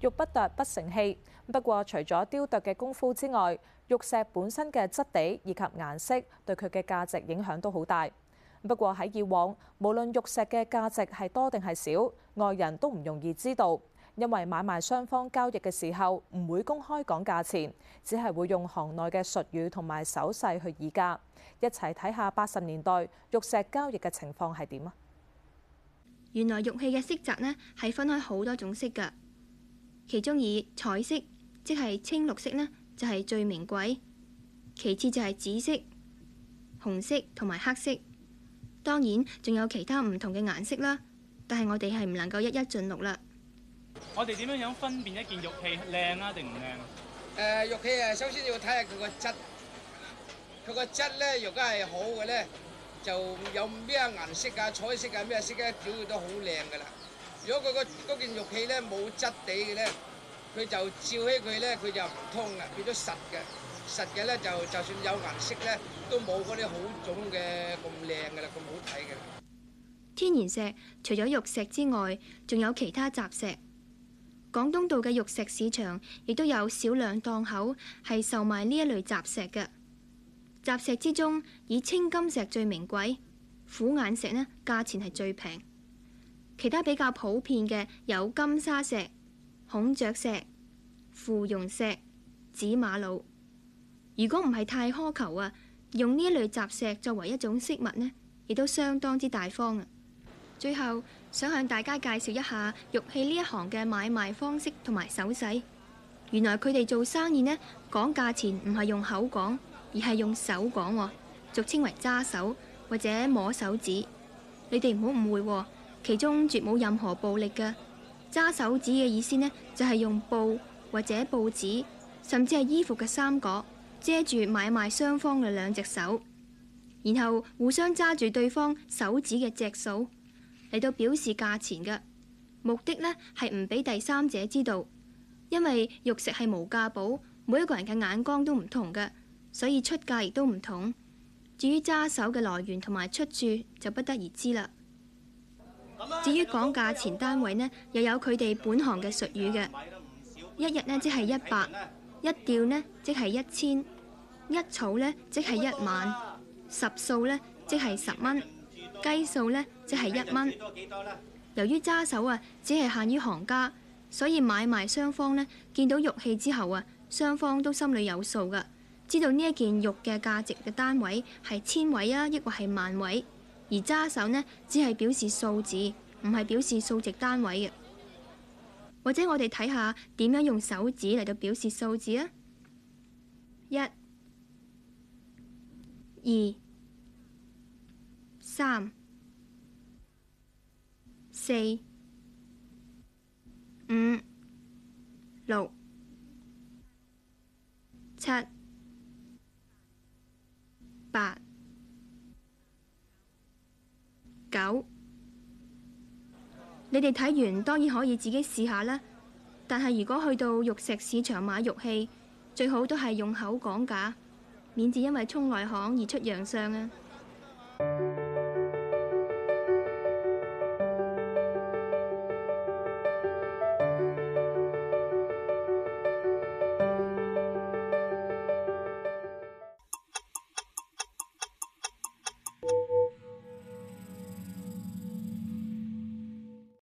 玉不琢不成器。不過，除咗雕琢嘅功夫之外，玉石本身嘅質地以及顏色對佢嘅價值影響都好大。不過喺以往，無論玉石嘅價值係多定係少，外人都唔容易知道，因為買賣雙方交易嘅時候唔會公開講價錢，只係會用行內嘅術語同埋手勢去議價。一齊睇下八十年代玉石交易嘅情況係點啊？原來玉器嘅色澤呢係分開好多種色㗎。其中以彩色，即係青綠色咧，就係最名貴；其次就係紫色、紅色同埋黑色。當然仲有其他唔同嘅顏色啦，但係我哋係唔能夠一一盡錄啦。我哋點樣樣分辨一件玉器靚啊定唔靚啊？誒，玉器啊，首先要睇下佢個質，佢個質咧，如果係好嘅咧，就有咩顏色啊、彩色啊、咩色啊，一表都好靚噶啦。如果佢個嗰件玉器咧冇質地嘅咧，佢就照起佢咧，佢就唔通啊，變咗實嘅。實嘅咧就就算有顏色咧，都冇嗰啲好種嘅咁靚嘅啦，咁好睇嘅。天然石除咗玉石之外，仲有其他雜石。廣東道嘅玉石市場亦都有少量檔口係售賣呢一類雜石嘅。雜石之中，以青金石最名貴，虎眼石咧，價錢係最平。其他比較普遍嘅有金沙石、孔雀石、芙蓉石、蓉石、紫馬路。如果唔係太苛求啊，用呢一類雜石作為一種飾物呢，亦都相當之大方啊。最後想向大家介紹一下玉器呢一行嘅買賣方式同埋手勢。原來佢哋做生意呢講價錢唔係用口講，而係用手講喎，俗稱為揸手或者摸手指。你哋唔好誤會喎。其中絕冇任何暴力嘅，揸手指嘅意思呢，就係、是、用布或者報紙，甚至係衣服嘅衫角遮住買賣雙方嘅兩隻手，然後互相揸住對方手指嘅隻數嚟到表示價錢嘅目的呢，係唔俾第三者知道，因為玉石係無價寶，每一個人嘅眼光都唔同嘅，所以出價亦都唔同。至於揸手嘅來源同埋出處，就不得而知啦。至於講價錢單位呢，又有佢哋本行嘅術語嘅。一日呢即係一百，一吊呢即係一千，一草呢即係一萬，十數呢即係十蚊，雞數呢即係一蚊。由於揸手啊，只係限於行家，所以買賣雙方呢，見到玉器之後啊，雙方都心裏有數㗎，知道呢一件玉嘅價值嘅單位係千位啊，抑或係萬位。而揸手呢，只係表示數字，唔係表示數值單位嘅。或者我哋睇下點樣用手指嚟到表示數字啊？一、二、三、四、五、六、七、八。九，你哋睇完當然可以自己試下啦。但係如果去到玉石市場買玉器，最好都係用口講價，免至因為充內行而出洋相啊！